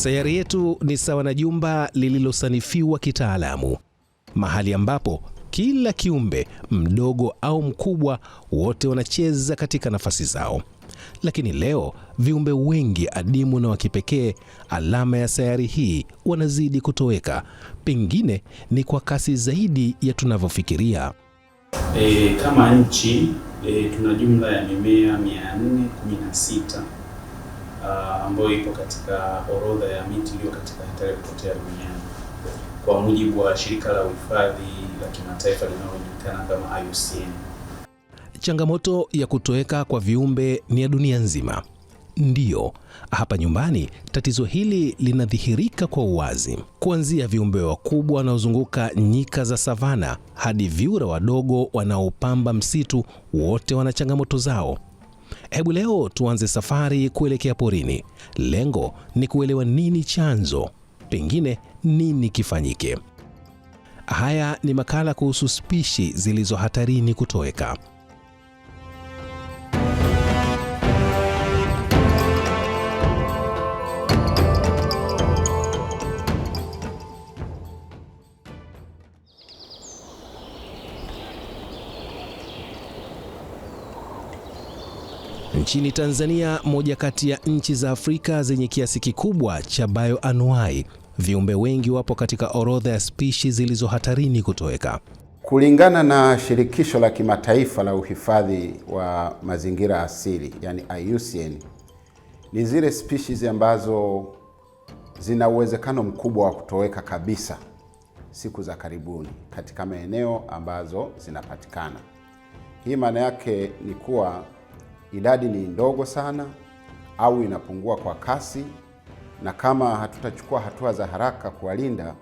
Sayari yetu ni sawa na jumba lililosanifiwa kitaalamu, mahali ambapo kila kiumbe mdogo au mkubwa, wote wanacheza katika nafasi zao. Lakini leo viumbe wengi adimu na wa kipekee, alama ya sayari hii, wanazidi kutoweka, pengine ni kwa kasi zaidi ya tunavyofikiria. E, kama nchi e, tuna jumla ya mimea 416 uh, ambayo ipo katika orodha ya miti iliyo katika hatari ya kupotea duniani kwa mujibu wa shirika la uhifadhi la kimataifa linalojulikana kama IUCN. Changamoto ya kutoweka kwa viumbe ni ya dunia nzima. Ndiyo, hapa nyumbani tatizo hili linadhihirika kwa uwazi, kuanzia viumbe wakubwa wanaozunguka nyika za savana hadi viura wadogo wanaopamba msitu, wote wana changamoto zao. Hebu leo tuanze safari kuelekea porini. Lengo ni kuelewa nini chanzo, pengine nini kifanyike. Haya ni makala kuhusu spishi zilizo hatarini kutoweka. Nchini Tanzania, moja kati ya nchi za Afrika zenye kiasi kikubwa cha bioanuai, viumbe wengi wapo katika orodha ya spishi zilizo hatarini kutoweka. Kulingana na shirikisho la kimataifa la uhifadhi wa mazingira asili, yani IUCN, ni zile species ambazo zina uwezekano mkubwa wa kutoweka kabisa siku za karibuni katika maeneo ambazo zinapatikana. Hii maana yake ni kuwa idadi ni ndogo sana au inapungua kwa kasi, na kama hatutachukua hatua za haraka kuwalinda,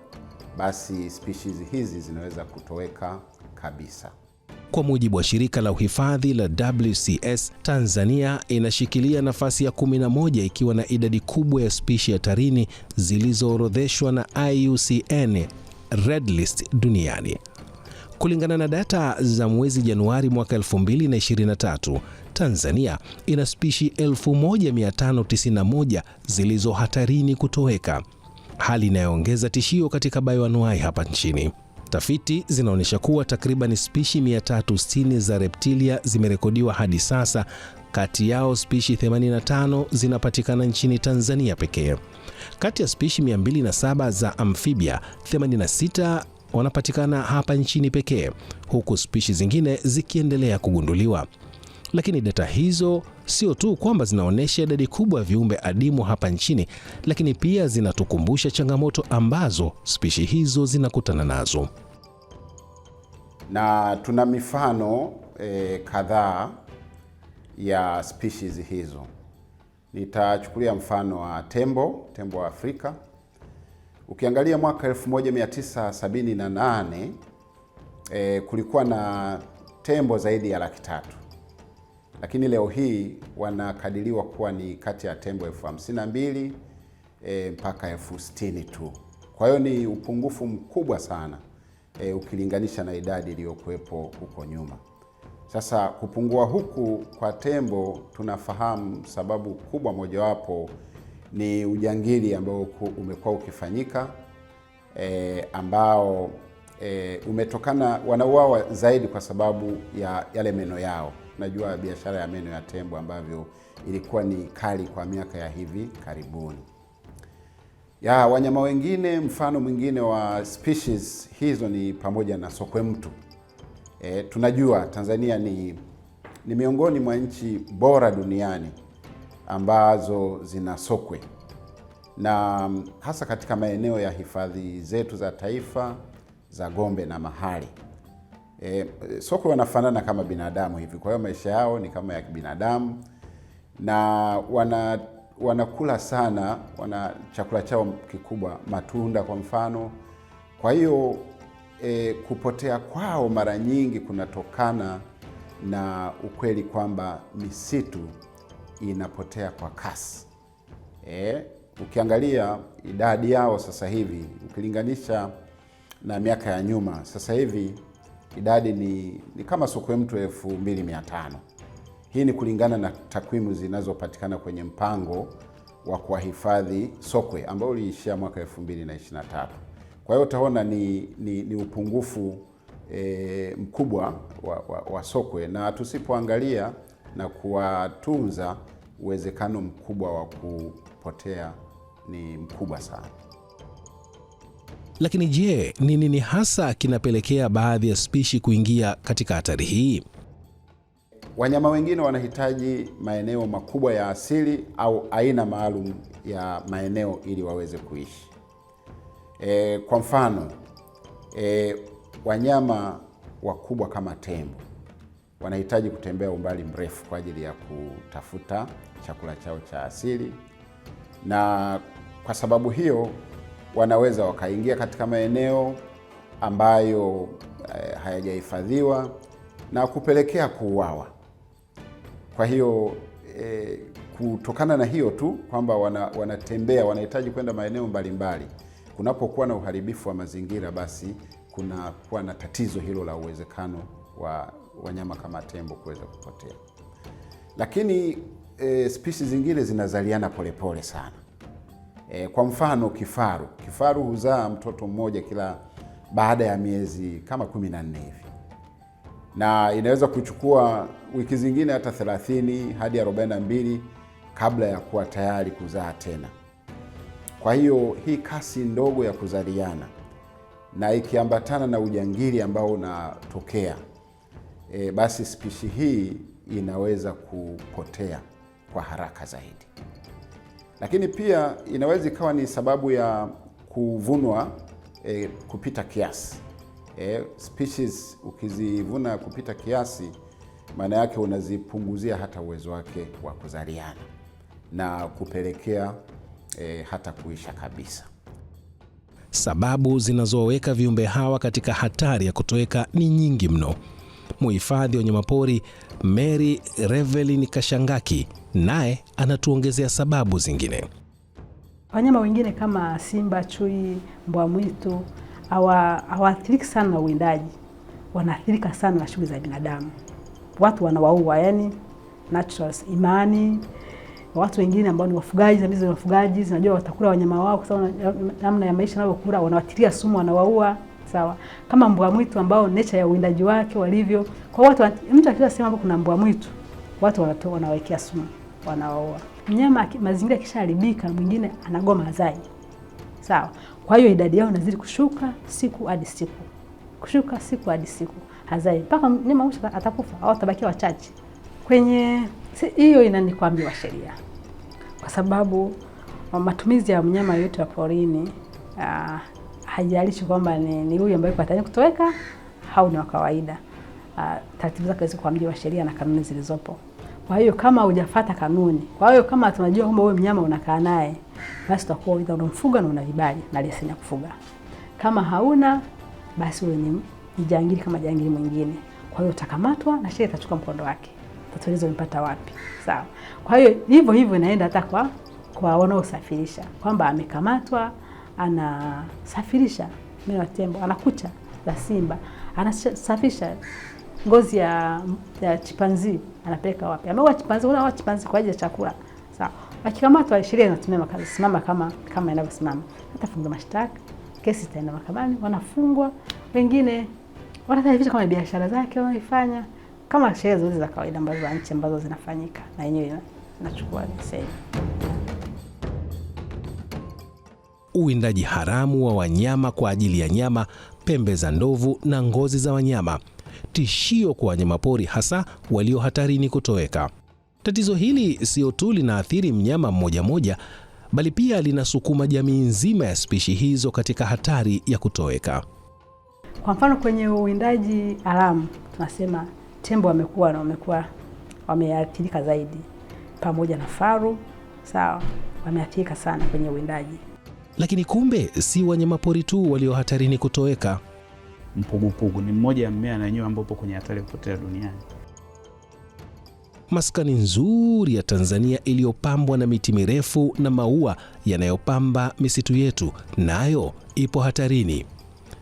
basi spishi hizi zinaweza kutoweka kabisa. Kwa mujibu wa shirika la uhifadhi la WCS, Tanzania inashikilia nafasi ya 11 ikiwa na idadi kubwa ya spishi hatarini zilizoorodheshwa na IUCN Red List duniani. Kulingana na data za mwezi Januari mwaka 2023, Tanzania ina spishi 1591 zilizo hatarini kutoweka, hali inayoongeza tishio katika bayoanuai hapa nchini. Tafiti zinaonyesha kuwa takriban spishi 360 za reptilia zimerekodiwa hadi sasa, kati yao spishi 85 zinapatikana nchini Tanzania pekee. Kati ya spishi 207 za amfibia, 86 wanapatikana hapa nchini pekee, huku spishi zingine zikiendelea kugunduliwa. Lakini data hizo sio tu kwamba zinaonyesha idadi kubwa ya viumbe adimu hapa nchini, lakini pia zinatukumbusha changamoto ambazo spishi hizo zinakutana nazo, na tuna mifano e, kadhaa ya spishi hizo. Nitachukulia mfano wa tembo, tembo wa Afrika Ukiangalia mwaka 1978 e, eh, kulikuwa na tembo zaidi ya laki tatu, lakini leo hii wanakadiriwa kuwa ni kati ya tembo elfu hamsini na mbili e, mpaka elfu sitini tu. Kwa hiyo ni upungufu mkubwa sana e, ukilinganisha na idadi iliyokuwepo huko nyuma. Sasa kupungua huku kwa tembo tunafahamu sababu kubwa mojawapo ni ujangili ambao umekuwa ukifanyika e, ambao e, umetokana, wanauawa zaidi kwa sababu ya yale meno yao. Najua biashara ya meno ya tembo ambavyo ilikuwa ni kali kwa miaka ya hivi karibuni. Ya wanyama wengine, mfano mwingine wa species hizo ni pamoja na sokwe mtu. E, tunajua Tanzania ni, ni miongoni mwa nchi bora duniani ambazo zina sokwe na mm, hasa katika maeneo ya hifadhi zetu za taifa za Gombe na Mahale. E, sokwe wanafanana kama binadamu hivi, kwa hiyo maisha yao ni kama ya kibinadamu na wana wanakula sana, wana chakula chao kikubwa matunda kwa mfano. Kwa hiyo e, kupotea kwao mara nyingi kunatokana na ukweli kwamba misitu inapotea kwa kasi e, ukiangalia idadi yao sasa hivi ukilinganisha na miaka ya nyuma, sasa hivi idadi ni, ni kama sokwe mtu elfu mbili mia tano. Hii ni kulingana na takwimu zinazopatikana kwenye mpango wa kuwahifadhi sokwe ambao uliishia mwaka tatu. Kwa hiyo utaona ni, ni, ni upungufu e, mkubwa wa, wa, wa sokwe na tusipoangalia na kuwatunza, uwezekano mkubwa wa kupotea ni mkubwa sana. Lakini je, ni nini hasa kinapelekea baadhi ya spishi kuingia katika hatari hii? Wanyama wengine wanahitaji maeneo makubwa ya asili au aina maalum ya maeneo ili waweze kuishi. E, kwa mfano e, wanyama wakubwa kama tembo wanahitaji kutembea umbali mrefu kwa ajili ya kutafuta chakula chao cha asili, na kwa sababu hiyo wanaweza wakaingia katika maeneo ambayo eh, hayajahifadhiwa na kupelekea kuuawa. Kwa hiyo eh, kutokana na hiyo tu kwamba wana, wanatembea wanahitaji kwenda maeneo mbalimbali, kunapokuwa na uharibifu wa mazingira, basi kunakuwa na tatizo hilo la uwezekano wa wanyama kama tembo kuweza kupotea. Lakini e, spishi zingine zinazaliana polepole sana. E, kwa mfano kifaru, kifaru huzaa mtoto mmoja kila baada ya miezi kama kumi na nne hivi na inaweza kuchukua wiki zingine hata 30 hadi 42 kabla ya kuwa tayari kuzaa tena. Kwa hiyo hii kasi ndogo ya kuzaliana na ikiambatana na ujangili ambao unatokea e, basi spishi hii inaweza kupotea kwa haraka zaidi. Lakini pia inaweza ikawa ni sababu ya kuvunwa e, kupita kiasi. E, species ukizivuna kupita kiasi, maana yake unazipunguzia hata uwezo wake wa kuzaliana na kupelekea e, hata kuisha kabisa. Sababu zinazoweka viumbe hawa katika hatari ya kutoweka ni nyingi mno muhifadhi wa wanyamapori Mary Revelin Kashangaki naye anatuongezea sababu zingine. Wanyama wengine kama simba, chui, mbwa mwitu hawaathiriki sana na uwindaji, wanaathirika sana na shughuli za binadamu. Watu wanawaua, yani naturals, imani watu wengine ambao ni wafugaji, zamizi wafugaji zinajua watakula wanyama wao kwa sababu namna ya maisha wanavyokula, wanawatilia sumu, wanawaua sawa, kama mbwa mwitu ambao nature ya uwindaji wake walivyo. Kwa watu, mtu akiwa sema kuna mbwa mwitu, watu wanatoa wanawekea sumu, wanaoa mnyama. Mazingira kishaharibika, mwingine anagoma azaji, sawa. Kwa hiyo idadi yao inazidi kushuka siku hadi siku, kushuka siku hadi siku, hazai mpaka mnyama mwisho atakufa au atabakia wachache kwenye hiyo. Inanikwambiwa sheria kwa sababu matumizi ya mnyama yote wa porini ah, haijalishi kwamba ni, ni huyu ambaye kwa tani kutoweka au ni wa kawaida. Uh, taratibu zake ziko kwa mjibu wa sheria na kanuni zilizopo. Kwa hiyo kama hujafuata kanuni, kwa hiyo kama tunajua kwamba wewe mnyama unakaa naye, basi utakuwa aidha unamfuga na una vibali na leseni ya kufuga. Kama hauna basi wewe ni jangili kama jangili mwingine. Kwa hiyo utakamatwa na sheria itachukua mkondo wake. Tatulizo mpata wapi? Sawa. Kwa hiyo hivyo hivyo inaenda hata kwa kwa wanaosafirisha kwamba amekamatwa anasafirisha meno ya tembo, anakucha la simba, anasafirisha ngozi ya, ya chipanzi anapeleka wapi? Ameua chipanzi, unaua chipanzi kwa ajili ya chakula. Sawa, akikamatwa sheria inatumia simama kama kama inavyosimama, atafunga mashtaka, kesi itaenda mahakamani, wanafungwa wengine, wanataifisha kama biashara zake wanaifanya kama sheria zote za kawaida ambazo za nchi ambazo zinafanyika na yenyewe inachukua sehemu uwindaji haramu wa wanyama kwa ajili ya nyama, pembe za ndovu na ngozi za wanyama, tishio kwa wanyamapori hasa walio hatarini kutoweka. Tatizo hili sio tu linaathiri mnyama mmoja mmoja, bali pia linasukuma jamii nzima ya spishi hizo katika hatari ya kutoweka. Kwa mfano kwenye uwindaji haramu tunasema tembo wamekuwa na wamekuwa wameathirika zaidi, pamoja na faru. Sawa, wameathirika sana kwenye uwindaji. Lakini kumbe si wanyamapori tu walio hatarini kutoweka. Mpugupugu ni mmoja ya mmea na wenyewe ambao upo kwenye hatari ya kupotea duniani. Maskani nzuri ya Tanzania iliyopambwa na miti mirefu na maua yanayopamba misitu yetu nayo ipo hatarini.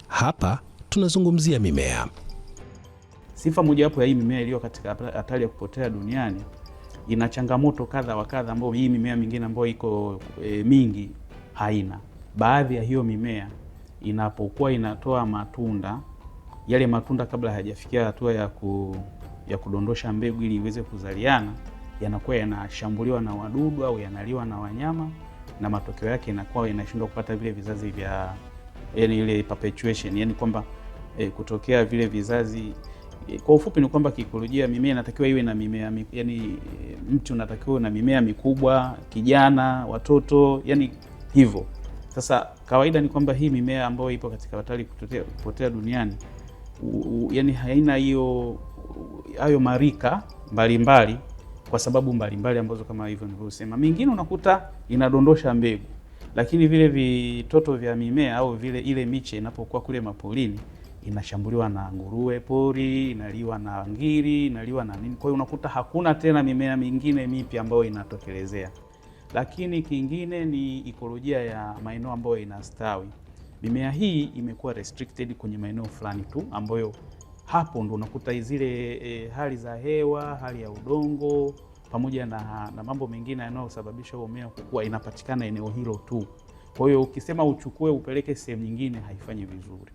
Hapa tunazungumzia mimea. Sifa mojawapo ya hii mimea iliyo katika hatari ya kupotea duniani ina changamoto kadha wa kadha, ambayo hii mimea mingine ambayo iko e, mingi haina. Baadhi ya hiyo mimea inapokuwa inatoa matunda, yale matunda kabla hayajafikia hatua ya, ku, ya kudondosha mbegu ili iweze kuzaliana, yanakuwa yanashambuliwa na wadudu au yanaliwa na wanyama, na matokeo yake inakuwa inashindwa kupata vile vizazi vya yani ile perpetuation, yani kwamba e, kutokea vile vizazi e, kwa ufupi ni kwamba kiikolojia mimea inatakiwa iwe na mimea yani, e, mti unatakiwa na mimea mikubwa, kijana, watoto yani hivyo. Sasa kawaida ni kwamba hii mimea ambayo ipo katika hatari kupotea duniani u, u, yani haina hiyo hayo marika mbalimbali mbali, kwa sababu mbalimbali mbali ambazo kama hivyo nilivyosema, mingine unakuta inadondosha mbegu, lakini vile vitoto vya mimea au vile ile miche inapokuwa kule mapolini inashambuliwa na nguruwe pori, inaliwa na ngiri, inaliwa na nini. Kwa hiyo unakuta hakuna tena mimea mingine mipya ambayo inatokelezea. Lakini kingine ni ikolojia ya maeneo ambayo inastawi. Mimea hii imekuwa restricted kwenye maeneo fulani tu ambayo hapo ndo unakuta zile e, hali za hewa, hali ya udongo pamoja na, na mambo mengine yanayosababisha huo mmea kukua inapatikana eneo hilo tu. Kwa hiyo ukisema uchukue upeleke sehemu nyingine haifanyi vizuri.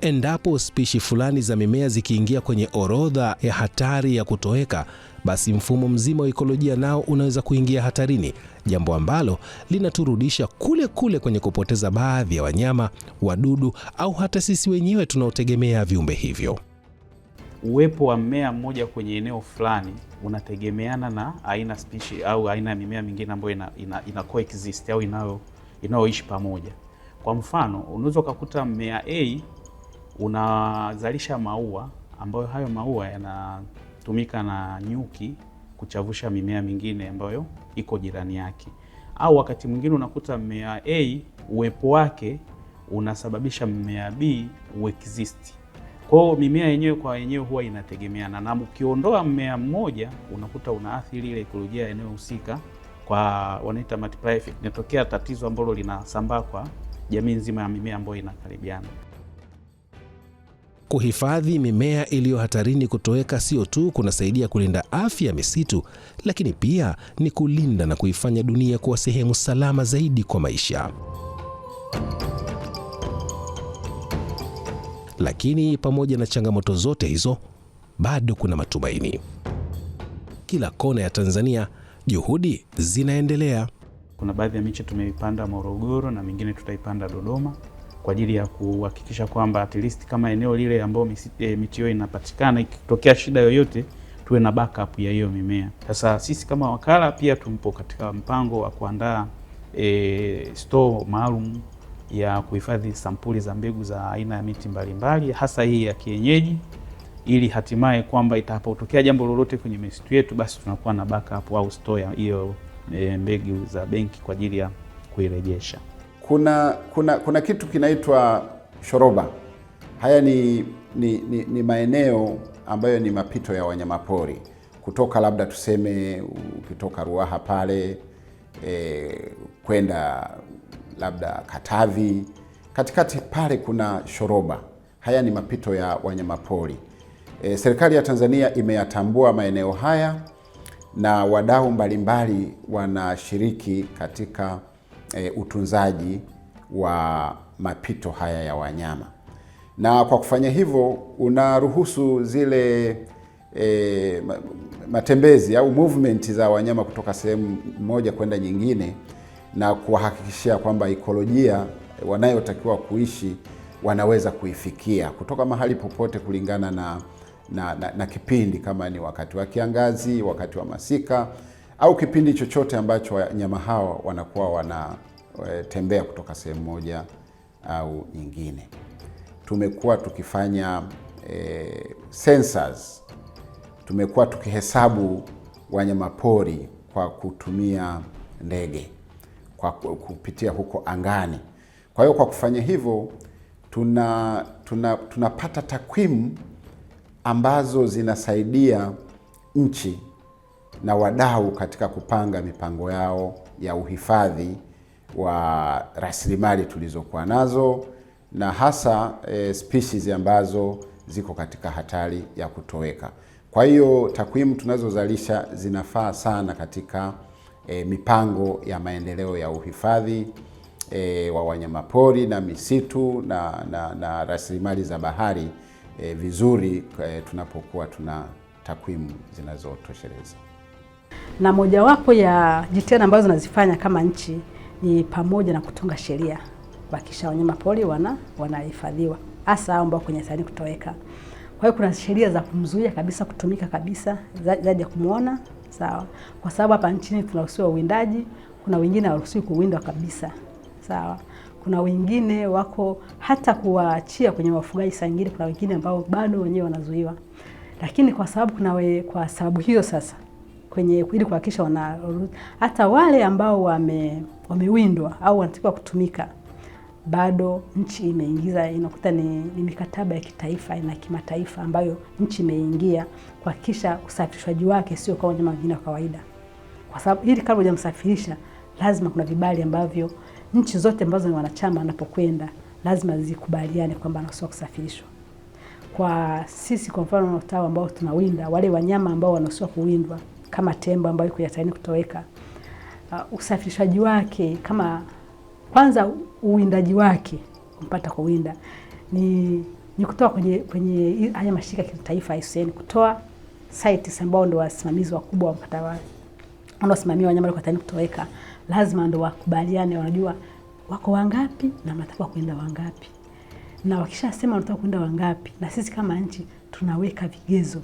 Endapo spishi fulani za mimea zikiingia kwenye orodha ya hatari ya kutoweka, basi mfumo mzima wa ikolojia nao unaweza kuingia hatarini, jambo ambalo linaturudisha kule kule kwenye kupoteza baadhi ya wanyama, wadudu au hata sisi wenyewe tunaotegemea viumbe hivyo. Uwepo wa mmea mmoja kwenye eneo fulani unategemeana na aina spishi au aina ya mimea mingine ambayo ina, ina, ina coexist au inayoishi pamoja. Kwa mfano, unaweza ukakuta mmea A unazalisha maua ambayo hayo maua yanatumika na nyuki kuchavusha mimea mingine ambayo iko jirani yake, au wakati mwingine unakuta mmea A uwepo wake unasababisha mmea B uexist. Kwa hiyo mimea yenyewe kwa yenyewe huwa inategemeana, na ukiondoa mmea mmoja unakuta unaathiri ile ekolojia ya eneo husika, kwa wanaita multiply effect. Inatokea tatizo ambalo linasambaa kwa jamii nzima ya mimea ambayo inakaribiana. Kuhifadhi mimea iliyo hatarini kutoweka sio tu kunasaidia kulinda afya ya misitu, lakini pia ni kulinda na kuifanya dunia kuwa sehemu salama zaidi kwa maisha. Lakini pamoja na changamoto zote hizo, bado kuna matumaini. Kila kona ya Tanzania juhudi zinaendelea. Kuna baadhi ya miche tumeipanda Morogoro na mingine tutaipanda Dodoma kwa ajili ya kuhakikisha kwamba at least kama eneo lile ambayo eh, miti hiyo inapatikana ikitokea shida yoyote tuwe na backup ya hiyo mimea. Sasa sisi kama wakala pia tumpo katika mpango wa kuandaa e, store maalum ya kuhifadhi sampuli za mbegu za aina ya miti mbalimbali mbali, hasa hii ya kienyeji ili hatimaye kwamba itapotokea jambo lolote kwenye misitu yetu basi tunakuwa na backup au store ya hiyo e, mbegu za benki kwa ajili ya kuirejesha kuna, kuna, kuna kitu kinaitwa shoroba. Haya ni, ni, ni, ni maeneo ambayo ni mapito ya wanyamapori kutoka labda tuseme ukitoka Ruaha pale e, kwenda labda Katavi katikati pale kuna shoroba. Haya ni mapito ya wanyamapori. E, serikali ya Tanzania imeyatambua maeneo haya na wadau mbalimbali wanashiriki katika e, utunzaji wa mapito haya ya wanyama, na kwa kufanya hivyo unaruhusu zile e, matembezi au movement za wanyama kutoka sehemu moja kwenda nyingine na kuwahakikishia kwamba ekolojia wanayotakiwa kuishi wanaweza kuifikia kutoka mahali popote kulingana na na, na, na kipindi kama ni wakati wa kiangazi, wakati wa masika au kipindi chochote ambacho wanyama hawa wanakuwa wanatembea eh, kutoka sehemu moja au nyingine. Tumekuwa tukifanya e, sensors. Tumekuwa tukihesabu wanyama pori kwa kutumia ndege kwa kupitia huko angani. Kwa hiyo kwa kufanya hivyo tuna tuna tunapata takwimu ambazo zinasaidia nchi na wadau katika kupanga mipango yao ya uhifadhi wa rasilimali tulizokuwa nazo na hasa e, species ambazo ziko katika hatari ya kutoweka. Kwa hiyo takwimu tunazozalisha zinafaa sana katika e, mipango ya maendeleo ya uhifadhi e, wa wanyamapori na misitu na, na, na rasilimali za bahari e, vizuri e, tunapokuwa tuna takwimu zinazotosheleza na mojawapo ya jitihada ambazo zinazifanya kama nchi ni pamoja na kutunga sheria kuhakikisha wanyama pori wana wanahifadhiwa hasa hao ambao kwenye hatari kutoweka. Kwa hiyo kuna sheria za kumzuia kabisa kutumika kabisa zaidi ya kumuona, sawa, kwa sababu hapa nchini tunaruhusiwa uwindaji, kuna wengine hawaruhusiwi kuwindwa kabisa, sawa. Kuna wengine wako hata kuwaachia kwenye wafugaji, sangili, kuna wengine ambao bado wenyewe wanazuiwa, lakini kwa sababu kuna we, kwa sababu hiyo sasa kwenye ili kuhakikisha wana hata wale ambao wame wamewindwa au wanatakiwa kutumika bado nchi imeingiza inakuta ni, ni mikataba ya kitaifa na kimataifa ambayo nchi imeingia kuhakikisha usafirishaji wake sio kama wanyama wengine wa kawaida, kwa sababu ili kama hujamsafirisha lazima kuna vibali ambavyo nchi zote ambazo ni wanachama wanapokwenda lazima zikubaliane kwamba anasiwa kusafirishwa. Kwa sisi kwa mfano TAWA ambao tunawinda wale wanyama ambao wanasiwa kuwindwa kama tembo ambayo iko hatarini kutoweka. Uh, usafirishaji wake kama kwanza uwindaji wake kumpata kwa winda ni, ni kutoa kwenye, kwenye haya mashirika ya kitaifa IUCN kutoa sites ambao ndo wasimamizi wakubwa wanaosimamia wanyama hatarini kutoweka, lazima ndio wakubaliane, wanajua wako wangapi na wanataka kwenda wangapi, na wakishasema wanataka kwenda wangapi, na sisi kama nchi tunaweka vigezo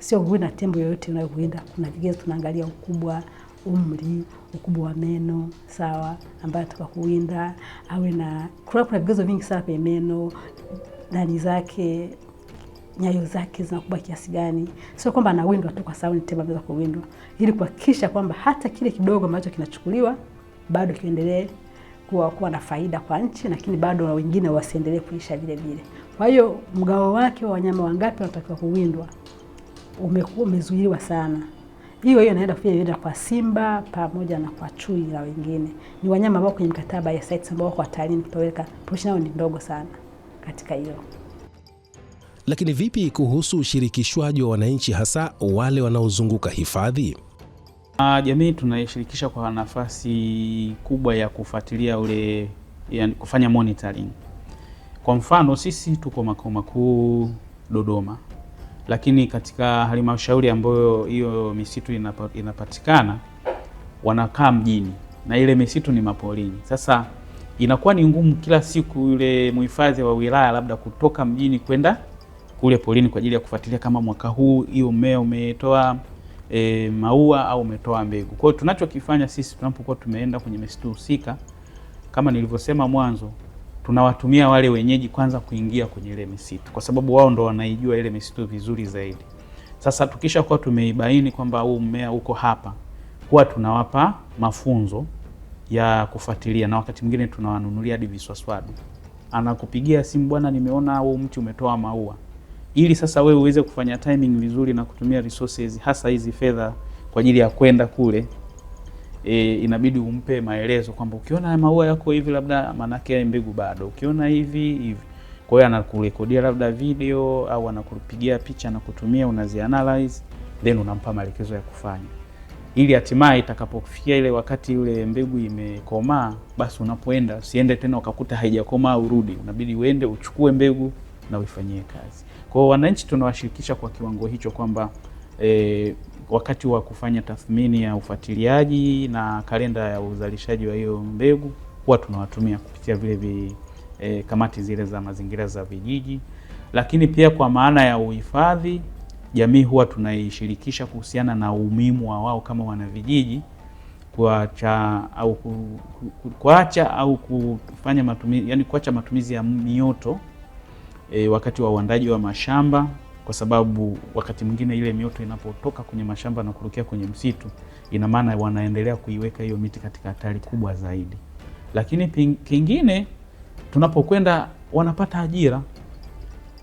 sio nguruwe na tembo yoyote unayokuenda. Kuna vigezo tunaangalia ukubwa, umri, ukubwa wa meno sawa, ambayo tukakuinda awe na kuna kuna vigezo vingi sana vya meno, ndani zake nyayo zake zinakuwa kiasi gani. Sio kwamba anawindwa tu kwa sababu ni tembo anaweza kuwindwa, ili kuhakikisha kwamba hata kile kidogo ambacho kinachukuliwa bado kiendelee kuwa kuwa na faida kwa nchi, lakini bado na wengine wasiendelee kuisha vile vile. Kwa hiyo mgao wake wa wanyama wangapi wanatakiwa kuwindwa umekuwa umezuiliwa sana. Hiyo hiyo inaenda kufanya inaenda kwa simba pamoja na kwa chui na wengine. Ni wanyama ambao kwenye mikataba ya sites ambao wako hatarini kutoweka. Proportion ni ndogo sana katika hiyo. Lakini vipi kuhusu ushirikishwaji wa wananchi hasa wale wanaozunguka hifadhi? Uh, jamii tunaishirikisha kwa nafasi kubwa ya kufuatilia ule ya kufanya monitoring. Kwa mfano sisi tuko makao makuu Dodoma lakini katika halmashauri ambayo hiyo misitu inapatikana wanakaa mjini na ile misitu ni maporini. Sasa inakuwa ni ngumu kila siku yule mhifadhi wa wilaya labda kutoka mjini kwenda kule porini kwa ajili ya kufuatilia kama mwaka huu hiyo mmea umetoa e, maua au umetoa mbegu. Kwa hiyo tunachokifanya sisi tunapokuwa tumeenda kwenye misitu husika, kama nilivyosema mwanzo tunawatumia wale wenyeji kwanza kuingia kwenye ile misitu, kwa sababu wao ndo wanaijua ile misitu vizuri zaidi. Sasa tukisha kuwa tumeibaini kwamba huu mmea huko hapa, huwa tunawapa mafunzo ya kufuatilia, na wakati mwingine tunawanunulia hadi viswaswadu. Anakupigia simu, bwana, nimeona huu mti umetoa maua, ili sasa wewe uweze kufanya timing vizuri na kutumia resources hasa hizi fedha kwa ajili ya kwenda kule e, inabidi umpe maelezo kwamba ukiona maua yako hivi, labda maanake mbegu bado, ukiona hivi hivi. Kwa hiyo anakurekodia labda video au anakupigia picha na kutumia, unazi analyze then unampa maelekezo ya kufanya, ili hatimaye itakapofikia ile wakati ule mbegu imekomaa, basi unapoenda usiende tena ukakuta haijakomaa urudi, unabidi uende uchukue mbegu na uifanyie kazi. Kwa hiyo wananchi tunawashirikisha kwa kiwango hicho kwamba e, wakati wa kufanya tathmini ya ufuatiliaji na kalenda ya uzalishaji wa hiyo mbegu huwa tunawatumia kupitia vile vi, e, kamati zile za mazingira za vijiji, lakini pia kwa maana ya uhifadhi, jamii huwa tunaishirikisha kuhusiana na umuhimu wa wao kama wanavijiji kuacha au kuacha au kufanya matumizi, yani kuacha matumizi ya mioto e, wakati wa uandaji wa mashamba kwa sababu wakati mwingine ile mioto inapotoka kwenye mashamba na kurukia kwenye msitu, ina maana wanaendelea kuiweka hiyo miti katika hatari kubwa zaidi. Lakini kingine, tunapokwenda wanapata ajira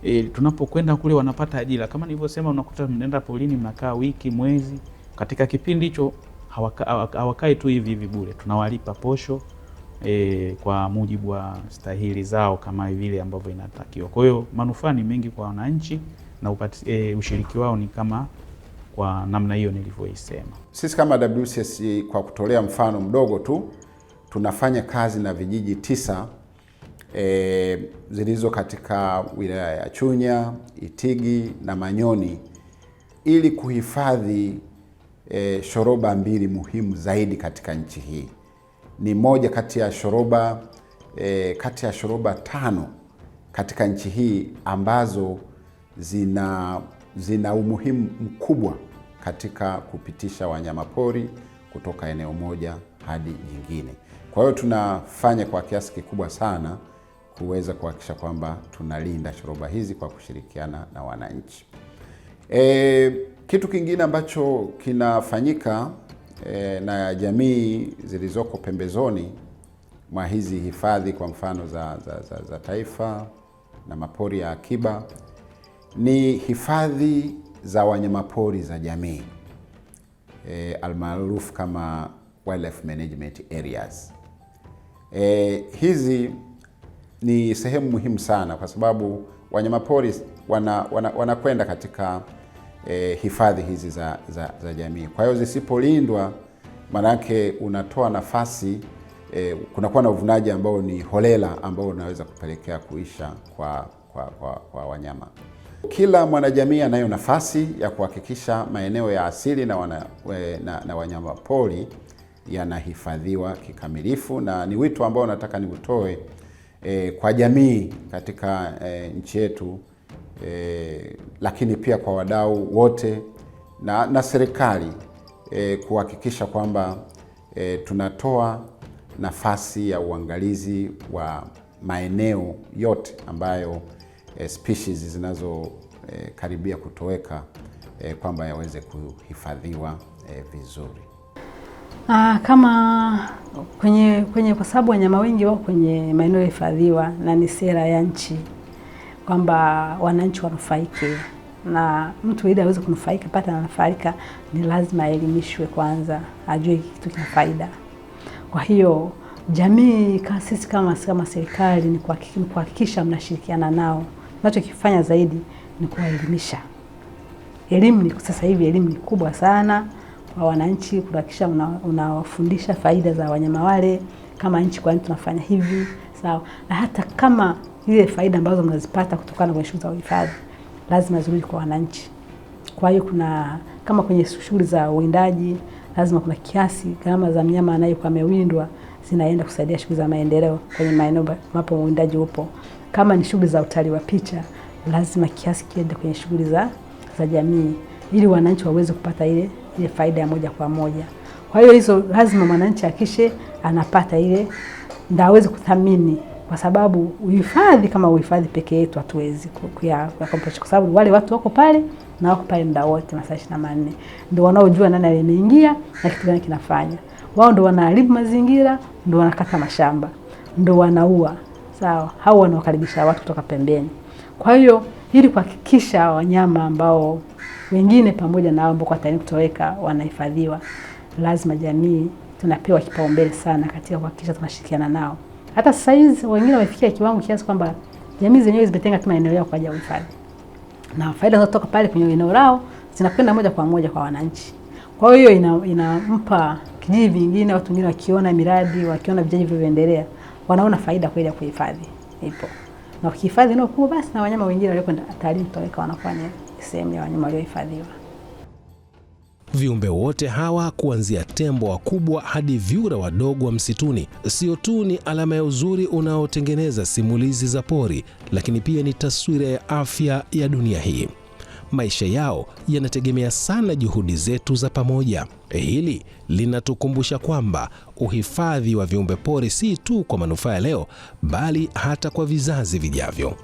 e, tunapokwenda kule wanapata ajira. Kama nilivyosema, unakuta mnaenda polini, mnakaa wiki, mwezi. Katika kipindi hicho hawakai tu hivi hivi bure, tunawalipa posho e, kwa mujibu wa stahili zao kama vile ambavyo inatakiwa. Kwa hiyo manufaa ni mengi kwa wananchi na upati, e, ushiriki wao ni kama kwa namna hiyo nilivyoisema. Sisi kama WCS kwa kutolea mfano mdogo tu tunafanya kazi na vijiji tisa e, zilizo katika wilaya ya Chunya, Itigi na Manyoni ili kuhifadhi e, shoroba mbili muhimu zaidi katika nchi hii. Ni moja kati ya shoroba e, kati ya shoroba tano katika nchi hii ambazo zina, zina umuhimu mkubwa katika kupitisha wanyamapori kutoka eneo moja hadi nyingine. Kwa hiyo tunafanya kwa kiasi kikubwa sana kuweza kuhakikisha kwamba tunalinda shoroba hizi kwa kushirikiana na wananchi. E, kitu kingine ambacho kinafanyika e, na jamii zilizoko pembezoni mwa hizi hifadhi kwa mfano za, za, za, za taifa na mapori ya akiba ni hifadhi za wanyamapori za jamii e, almaarufu kama wildlife management areas. E, hizi ni sehemu muhimu sana kwa sababu wanyamapori wanakwenda wana, wana katika e, hifadhi hizi za, za, za jamii. Kwa hiyo zisipolindwa, maanake unatoa nafasi e, kunakuwa na uvunaji ambao ni holela ambao unaweza kupelekea kuisha kwa, kwa, kwa, kwa wanyama. Kila mwanajamii anayo nafasi ya kuhakikisha maeneo ya asili na, wana, we, na, na wanyama pori yanahifadhiwa kikamilifu, na ni wito ambao nataka niutoe e, kwa jamii katika e, nchi yetu e, lakini pia kwa wadau wote na, na serikali e, kuhakikisha kwamba e, tunatoa nafasi ya uangalizi wa maeneo yote ambayo e, species zinazokaribia eh, e, kutoweka e, kwamba yaweze kuhifadhiwa e, vizuri. Aa, ah, kama kwenye, kwenye kwa sababu wanyama wengi wao kwenye maeneo yahifadhiwa na ni sera ya nchi kwamba wananchi wanufaike na mtu ili aweze kunufaika pata anafaika, ni lazima aelimishwe kwanza, ajue kitu kina faida. Kwa hiyo jamii, sisi kama kama serikali, ni kuhakikisha mnashirikiana nao tunachokifanya zaidi ni kuwaelimisha. Elimu ni sasa hivi, elimu ni kubwa sana kwa wananchi, kuhakikisha unawafundisha una faida za wanyama wale, kama nchi, kwa nini tunafanya hivi, sawa, na hata kama ile faida ambazo mnazipata kutokana na shughuli za uhifadhi lazima zirudi kwa wananchi. Kwa hiyo kuna kama kwenye shughuli za uwindaji lazima kuna kiasi gharama za mnyama anayekuwa amewindwa zinaenda kusaidia shughuli za maendeleo kwenye maeneo ambapo uwindaji upo. Kama ni shughuli za utalii wa picha, lazima kiasi kiende kwenye shughuli za, za jamii ili wananchi waweze kupata ile, ile faida ya moja kwa moja. Kwa hiyo hizo lazima mwananchi akishe anapata ile ndio aweze kuthamini, kwa sababu uhifadhi kama uhifadhi peke yetu hatuwezi kuyakomplesha, kwa sababu wale watu wako pale na wako pale muda wote masaa ishirini na manne ndio wanaojua nani aliyeingia na kitu gani kinafanya. Wao ndio wanaharibu mazingira, ndio wanakata mashamba, ndio wanaua sawa, hao wanaokaribisha watu kutoka pembeni. Kwa hiyo ili kuhakikisha wanyama ambao wengine pamoja na ambao kwa hatarini kutoweka wanahifadhiwa, lazima jamii tunapewa kipaumbele sana katika kuhakikisha tunashirikiana nao. Hata sasa hizi wengine wamefikia kiwango kiasi kwamba jamii zenyewe zimetenga tu maeneo yao kwa ajili ya uhifadhi, na faida zinazotoka pale kwenye eneo lao zinakwenda moja kwa moja kwa wananchi. Kwa hiyo inampa ina kijiji vingine, watu wengine wakiona miradi, wakiona vijiji vinavyoendelea wanaona faida kweli ya kuhifadhi ipo na ukihifadhi eneo kubwa, basi na wanyama wengine waliokwenda hatarini kutoweka wanakuwa sehemu ya wanyama waliohifadhiwa. Viumbe wote hawa kuanzia tembo wakubwa hadi vyura wadogo wa msituni sio tu ni alama ya uzuri unaotengeneza simulizi za pori, lakini pia ni taswira ya afya ya dunia hii maisha yao yanategemea sana juhudi zetu za pamoja. Hili linatukumbusha kwamba uhifadhi wa viumbe pori si tu kwa manufaa ya leo, bali hata kwa vizazi vijavyo.